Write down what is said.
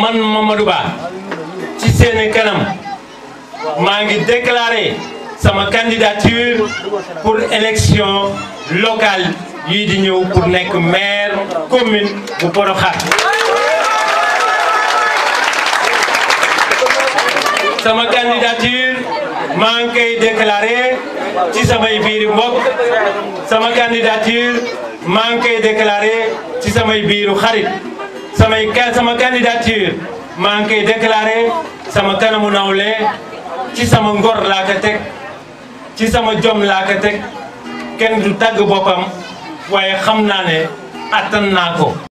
man Mamadou Ba ci seen kanam maa ngi déclarer sama candidature pour élection locale yi di ñëw pour nekk maire commune bu Porokhane sama candidature maa ngi koy déclarer ci samay biiru mbokk sama candidature maa ngi koy déclarer ci samay biiru xarit samay sama candidature maa ngi koy déclaré sama kanamu nawle ci sama ngor laa ko teg ci sama jom laa ko teg kenn du tàgg boppam waaye xam naa ne attan naa ko.